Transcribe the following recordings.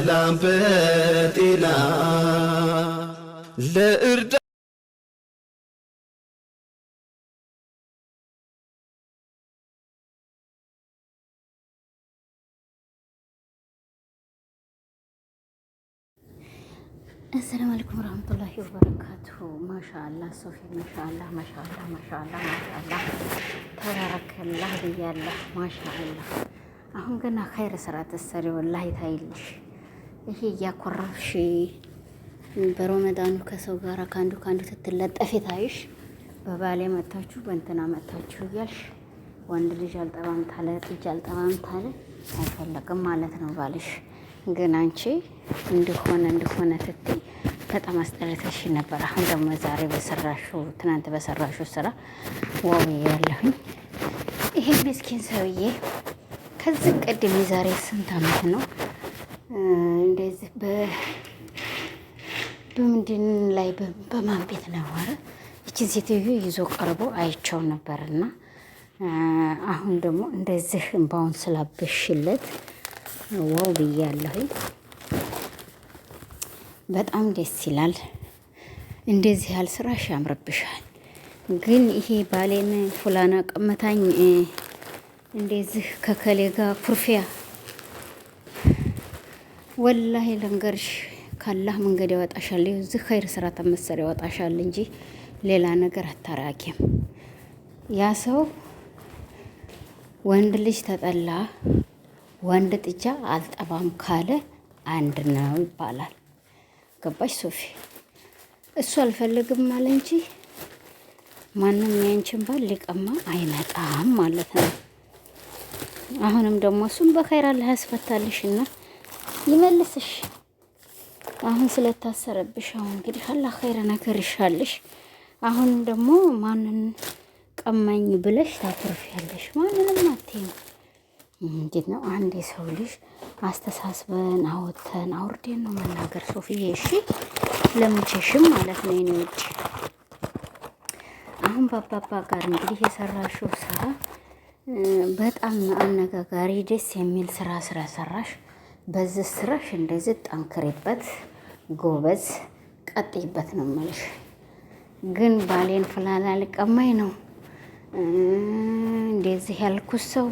በሰላም በጤና ለእርዳ አሰላም አለይኩም ወራህመቱላሂ ወበረካቱ። ማሻአላ ሶፊ ማሻአላ ማሻአላ ማሻአላ ማሻአላ ተባረከላህ ብያለሁ። ማሻአላ አሁን ገና ኸይር ስራ ተሰሪ ወላሂ ታይልሽ ይሄ እያኮራፍሽ በሮመዳኑ ከሰው ጋር ከአንዱ ከአንዱ ትትለጠፊ ታይሽ በባሌ መታችሁ በእንትና መታችሁ እያልሽ ወንድ ልጅ አልጠባም ታለ ልጅ አልጠባም ታለ አይፈለግም ማለት ነው ባልሽ። ግን አንቺ እንደሆነ እንደሆነ ትትይ በጣም አስጠርተሽ ነበር። አሁን ደግሞ ዛሬ በሰራሹ ትናንት በሰራሹ ስራ ዋው ያለሁኝ ይሄ ምስኪን ሰውዬ ከዚህ ቀደም የዛሬ ስንት አመት ነው እንደዚህ በምንድን ላይ በማን ቤት ነው እችን ሴትዮ ይዞ ቀርቦ አይቸው ነበርና አሁን ደግሞ እንደዚህ እንባውን ስላበሽለት ዋው ብያለሁኝ። በጣም ደስ ይላል። እንደዚህ ያል ስራሽ ያምርብሻል። ግን ይሄ ባሌን ፉላና ቀመታኝ እንደዚህ ከከሌ ጋር ኩርፊያ ወላሂ ለንገርሽ ካላህ መንገድ ያወጣሻል። እዚህ ኸይር ስራ ተመሰር ያወጣሻል እንጂ ሌላ ነገር አታራኪም። ያ ሰው ወንድ ልጅ ተጠላ ወንድ ጥጃ አልጠባም ካለ አንድ ነው ይባላል። ገባሽ ሶፊ? እሱ አልፈልግም አለ እንጂ ማንም ያንቺን ባል ሊቀማ አይመጣም ማለት ነው። አሁንም ደግሞ እሱም በኸይር አላህ ያስፈታልሽ ይመልስሽ። አሁን ስለታሰረብሽ አሁን እንግዲህ አላህ ኸይረ ነገር ይሻልሽ። አሁን ደግሞ ማንን ቀማኝ ብለሽ ታኩርፊያለሽ? ማንንም አትይም። እንዴት ነው አንድ የሰው ልጅ አስተሳስበን አወተን አውርዴን ነው መናገር። ሶፊዬ እሺ፣ ለምቼሽም ማለት ነው የኔ ውድ። አሁን በአባባ ጋር እንግዲህ የሰራሽው ስራ በጣም አነጋጋሪ ደስ የሚል ስራ ስራ ሰራሽ በዚህ ስራሽ እንደዚህ ጠንክሬበት ጎበዝ ቀጥይበት ነው የምልሽ። ግን ባሌን ፍላላ ልቀማኝ ነው እንደዚህ ያልኩት ሰው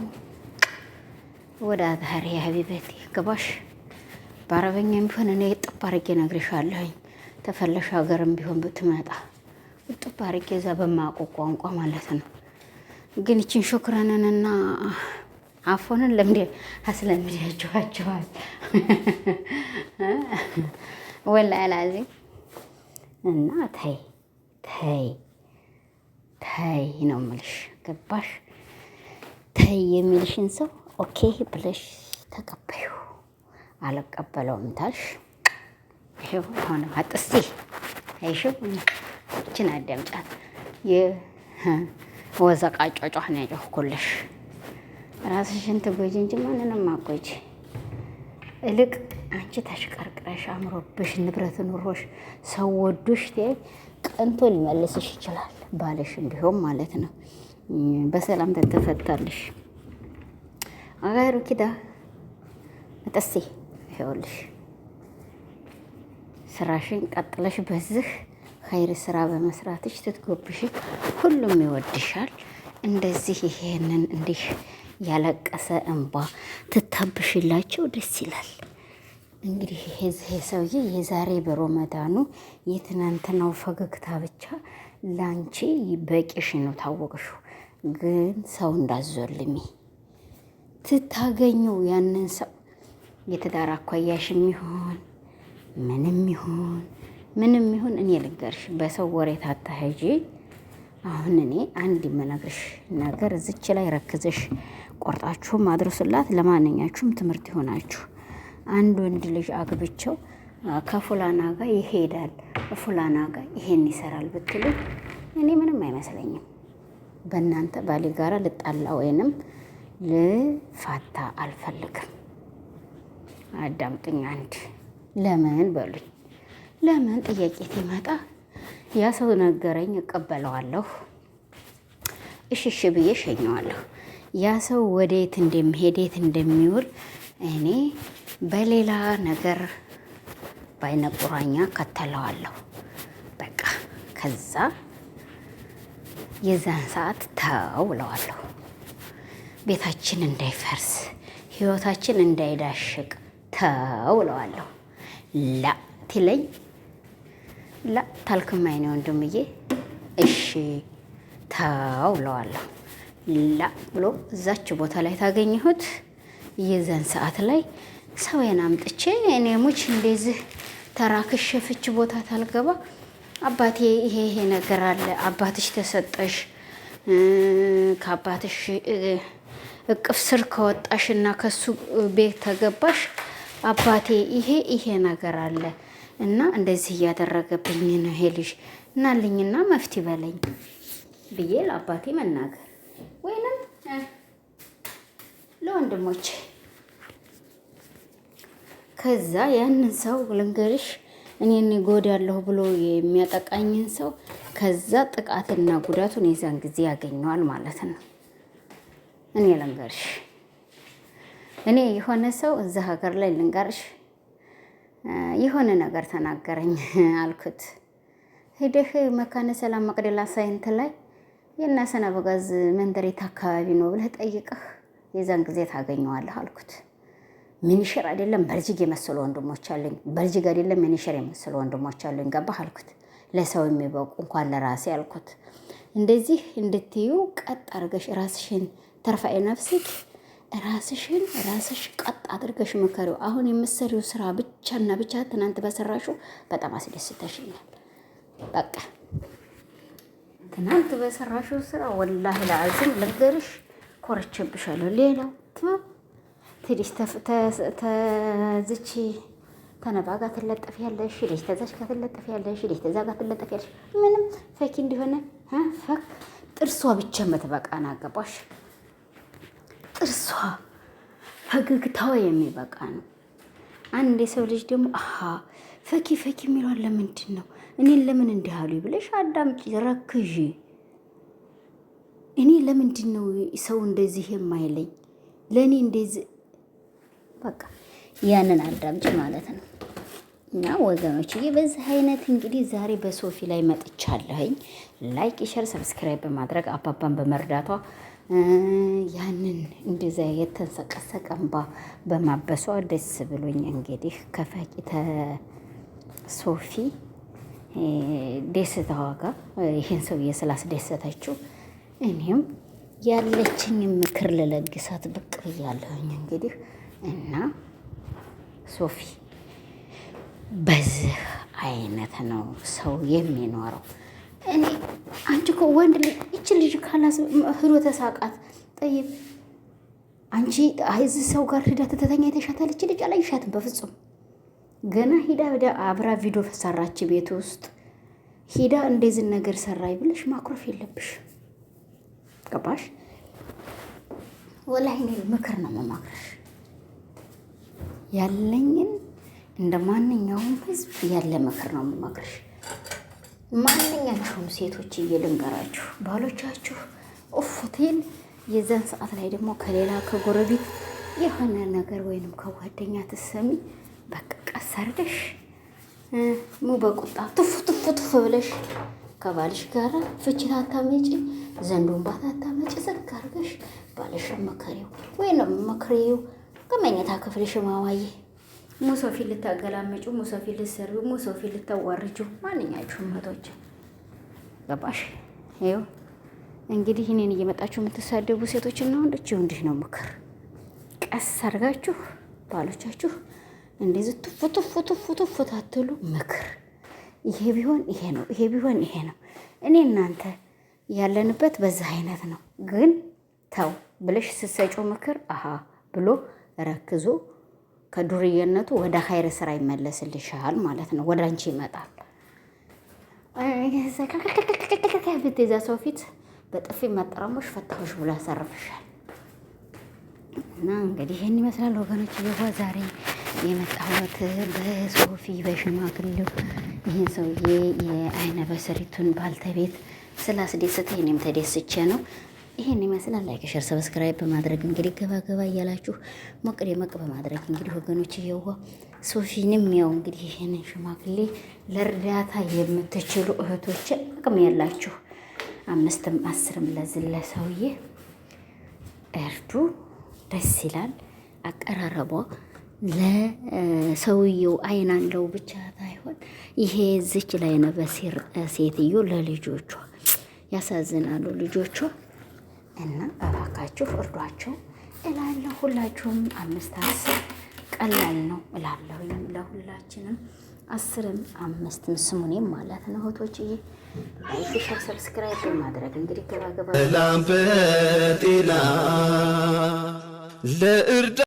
ወደ አዛሪ ሀቢበቴ ግባሽ በአረበኛ ቢሆን እኔ ጥብ አርጌ ነግርሻለሁኝ። ተፈለሽ ሀገርም ቢሆን ብትመጣ ጥብ አርጌ እዛ በማያውቁ ቋንቋ ማለት ነው። ግን ይችን ሹክረንንና አፎንን ለምደ አስለምዳችኋቸዋል። ወላሂ አልዓዚም እና ተይ ተይ ተይ ነው የምልሽ። ገባሽ? ተይ የሚልሽን ሰው ኦኬ ብለሽ ተቀበዩ። አልቀበለውም ታልሽ ይኸው ሆነ። አጥስቲ አይሽው እችን አዳምጫት የወዘቃ ጫጫህ ነው ያጮህኩልሽ። ራስሽን ትጎጂ እንጂ ማንንም አጎጂ። እልቅ አንቺ ተሽቀርቅረሽ አምሮብሽ ንብረት ኑሮሽ ሰው ወዶሽ ቀንቶ ሊመልስሽ ይችላል። ባልሽም ቢሆን ማለት ነው። በሰላም ተተፈታልሽ። አጋሩ ኪዳ መጠሴ ይኸውልሽ ስራሽን ቀጥለሽ በዚህ ኸይር ስራ በመስራትሽ ትትጎብሽ፣ ሁሉም ይወድሻል። እንደዚህ ይሄንን እንዲህ ያለቀሰ እንባ ትታብሽላቸው ደስ ይላል። እንግዲህ ይሄ ሰውዬ የዛሬ በሮመዳኑ የትናንትናው ፈገግታ ብቻ ላንቺ በቂሽ ነው። ታወቅሹ ግን ሰው እንዳዞልሚ ትታገኙ ያንን ሰው የትዳር አኳያሽ የሚሆን ምንም ይሁን ምንም ይሁን እኔ ልንገርሽ፣ በሰው ወሬ ታታሄጂ። አሁን እኔ አንድ የምነግርሽ ነገር ዝች ላይ ረክዘሽ ቆርጣችሁም አድርሱላት። ለማንኛችሁም ትምህርት ይሆናችሁ። አንድ ወንድ ልጅ አግብቸው ከፉላና ጋር ይሄዳል ፉላና ጋር ይሄን ይሰራል ብትሉ እኔ ምንም አይመስለኝም። በእናንተ ባሌ ጋራ ልጣላ ወይንም ልፋታ አልፈልግም። አዳምጡኝ። አንድ ለምን በሉኝ። ለምን ጥያቄ ይመጣ። ያ ሰው ነገረኝ፣ እቀበለዋለሁ፣ እሽሽ ብዬ ሸኘዋለሁ። ያ ሰው ወዴት እንደሚሄድ የት እንደሚውል እኔ በሌላ ነገር በአይነ ቁራኛ ከተለዋለሁ። በቃ ከዛ የዛን ሰዓት ተውለዋለሁ። ቤታችን እንዳይፈርስ፣ ህይወታችን እንዳይዳሽቅ ተውለዋለሁ። ላ ትለኝ ላ ታልክማይኔ ወንድምዬ፣ እሺ ተውለዋለሁ። ላ ብሎ እዛች ቦታ ላይ ታገኘሁት። የዛን ሰዓት ላይ ሰውዬን አምጥቼ እኔ ሙች እንደዚህ ተራክሽ ፍች ቦታ ታልገባ አባቴ ይሄ ይሄ ነገር አለ አባትሽ ተሰጠሽ ከአባትሽ እቅፍ ስር ከወጣሽ እና ከሱ ቤት ተገባሽ አባቴ ይሄ ይሄ ነገር አለ እና እንደዚህ እያደረገብኝ ነው ይሄ ልጅ እናልኝና መፍት በለኝ ብዬ ለአባቴ መናገር ወይንም ለወንድሞች ከዛ ያንን ሰው ልንገርሽ እኔን ጎዳለሁ ብሎ የሚያጠቃኝን ሰው ከዛ ጥቃትና ጉዳቱን የዛን ጊዜ ያገኘዋል ማለት ነው። እኔ ልንገርሽ እኔ የሆነ ሰው እዛ ሀገር ላይ ልንገርሽ የሆነ ነገር ተናገረኝ አልኩት ሂደህ መካነ ሰላም መቅደላ ሳይንት ላይ የእናሰና በጋዝ መንደሬት አካባቢ ነው ብለህ ጠይቀህ የዛን ጊዜ ታገኘዋለህ አልኩት። ሚኒሽር አይደለም በልጅግ የመሰሉ ወንድሞች አለኝ፣ በልጅግ አይደለም ሚኒሽር የመሰሉ ወንድሞች አለኝ። ገባህ አልኩት። ለሰው የሚበቁ እንኳን ለራሴ አልኩት። እንደዚህ እንድትዩ ቀጥ አድርገሽ ራስሽን ተርፋኤ ነፍስክ ራስሽን ራስሽ ቀጥ አድርገሽ ምከሪው። አሁን የምትሰሪው ስራ ብቻና ብቻ ትናንት በሰራሹ በጣም አስደስተሽኛል። በቃ ትናንት በሰራሽው ስራ ወላሂ ለአዝም ልንገርሽ ኮርቼብሻለሁ። ሌላው ትም ትዲሽ ተዝቺ ተነባ ጋር ትለጠፍ ያለሽ ዴሽ ተዛሽ ጋር ትለጠፍ ያለሽ ዴሽ ተዛ ጋር ትለጠፍ ያለሽ ምንም ፈኪ እንዲሆነ ፈክ ጥርሷ ብቻ የምትበቃን አገባሽ። ጥርሷ ፈገግታዋ የሚበቃ ነው። አንድ የሰው ልጅ ደግሞ አሀ ፈኪ ፈኪ የሚሏን ለምንድን ነው? እኔን ለምን እንዲህ አሉ ብለሽ አዳምጪ፣ ረክዥ እኔ ለምንድን ነው ሰው እንደዚህ የማይለኝ? ለእኔ እንደዚህ በቃ ያንን አዳምጪ ማለት ነው። እና ወገኖችዬ በዚህ አይነት እንግዲህ ዛሬ በሶፊ ላይ መጥቻለሁኝ። ላይክ ሸር፣ ሰብስክራይብ በማድረግ አባባን በመርዳቷ ያንን እንደዛ የተንሰቀሰቀ እንባ በማበሷ ደስ ብሎኝ እንግዲህ ከፈቂ ሶፊ ደስታዋ ጋር ይህን ሰውዬ ስላስደሰተችው እኔም ያለችኝ ምክር ልለግሳት ብቅ ብያለሁኝ። እንግዲህ እና ሶፊ በዚህ አይነት ነው ሰው የሚኖረው። እኔ አንቺ እኮ ወንድ ልጅ ይች ልጅ ካላስ ህዶ ተሳቃት ጠይብ አንቺ አይዝ ሰው ጋር ሂዳ ትተኛ የተሻታለች ልጅ አላይሻትም በፍጹም ገና ሂዳ ወደ አብራ ቪዲዮ ሰራች ቤት ውስጥ ሂዳ እንደዚህ ነገር ሰራይ ብለሽ ማኩረፍ የለብሽ። ገባሽ? ወላሂ እኔ ምክር ነው መማክረሽ ያለኝን እንደ ማንኛውም ህዝብ ያለ ምክር ነው መማክረሽ። ማንኛችሁም ሴቶች እየልንገራችሁ ባሎቻችሁ ኦፎቴል የዛን ሰዓት ላይ ደግሞ ከሌላ ከጎረቤት የሆነ ነገር ወይንም ከጓደኛ ትሰሚ በቃ ቀስ ሙ በቁጣ ትፉ ትፉ ትፉ ብለሽ ከባልሽ ጋር ፍቺት አታመጪ፣ ዘንዶን ባት አታመጪ። ዘግ አድርገሽ ባልሽ መከሪው ወይንም መክሪው ከመኝታ ክፍልሽ ማዋዬ ሙሶፊ ልታገላመጩ፣ ሙሶፊ ልትሰሪው፣ ሙሶፊ ልታዋርጁ ማንኛችሁም እህቶች ገባሽ? ይኸው እንግዲህ እኔን እየመጣችሁ የምትሳደቡ ሴቶችና ወንዶች እንዲህ ነው ምክር። ቀስ አድርጋችሁ ባሎቻችሁ እንደዚህ ቱፉ ቱፉ ቱፉ ቱፉ ታትሉ ምክር፣ ይሄ ቢሆን ይሄ ነው፣ ይሄ ቢሆን ይሄ ነው። እኔ እናንተ ያለንበት በዛ አይነት ነው። ግን ተው ብለሽ ስትሰጪው ምክር አሃ ብሎ ረክዞ ከዱርየነቱ ወደ ሀይር ስራ ይመለስልሻል ማለት ነው። ወደ አንቺ ይመጣል። ፊት ሰው ፊት በጥፊ ፈታሁሽ ብሎ ያሳርፍሻል። እና እንግዲህ ይህን ይመስላል ወገኖች ዛሬ የመጣሁት በሶፊ በሽማግሌው ይህን ሰውዬ የአይነ በስሪቱን ባልተቤት ስላስደሰተ እኔም ተደስቼ ነው። ይህን ይመስላል። ላይክ ሸር ሰብስክራይብ በማድረግ እንግዲህ ገባ እያላችሁ ሞቅ ደመቅ በማድረግ እንግዲህ ወገኖች እየዋ ሶፊንም ያው እንግዲህ ይህንን ሽማግሌ ለእርዳታ የምትችሉ እህቶች አቅም ያላችሁ አምስትም አስርም ለዝለ ሰውዬ እርዱ። ደስ ይላል አቀራረቧ። ለሰውየው አይን አለው ብቻ ሳይሆን ይሄ ዝች ላይ ነው በሲር ሴትዮ ለልጆቿ ያሳዝናሉ ልጆቿ። እና እባካችሁ እርዷቸው እላለሁ። ሁላችሁም አምስት አስር ቀላል ነው እላለሁኝ ለሁላችንም አስርም አምስትም ስሙኔም ማለት ነው እህቶችዬ፣ ላይክ ሸር ሰብስክራይብ ማድረግ እንግዲህ ገባገባ ለእርዳ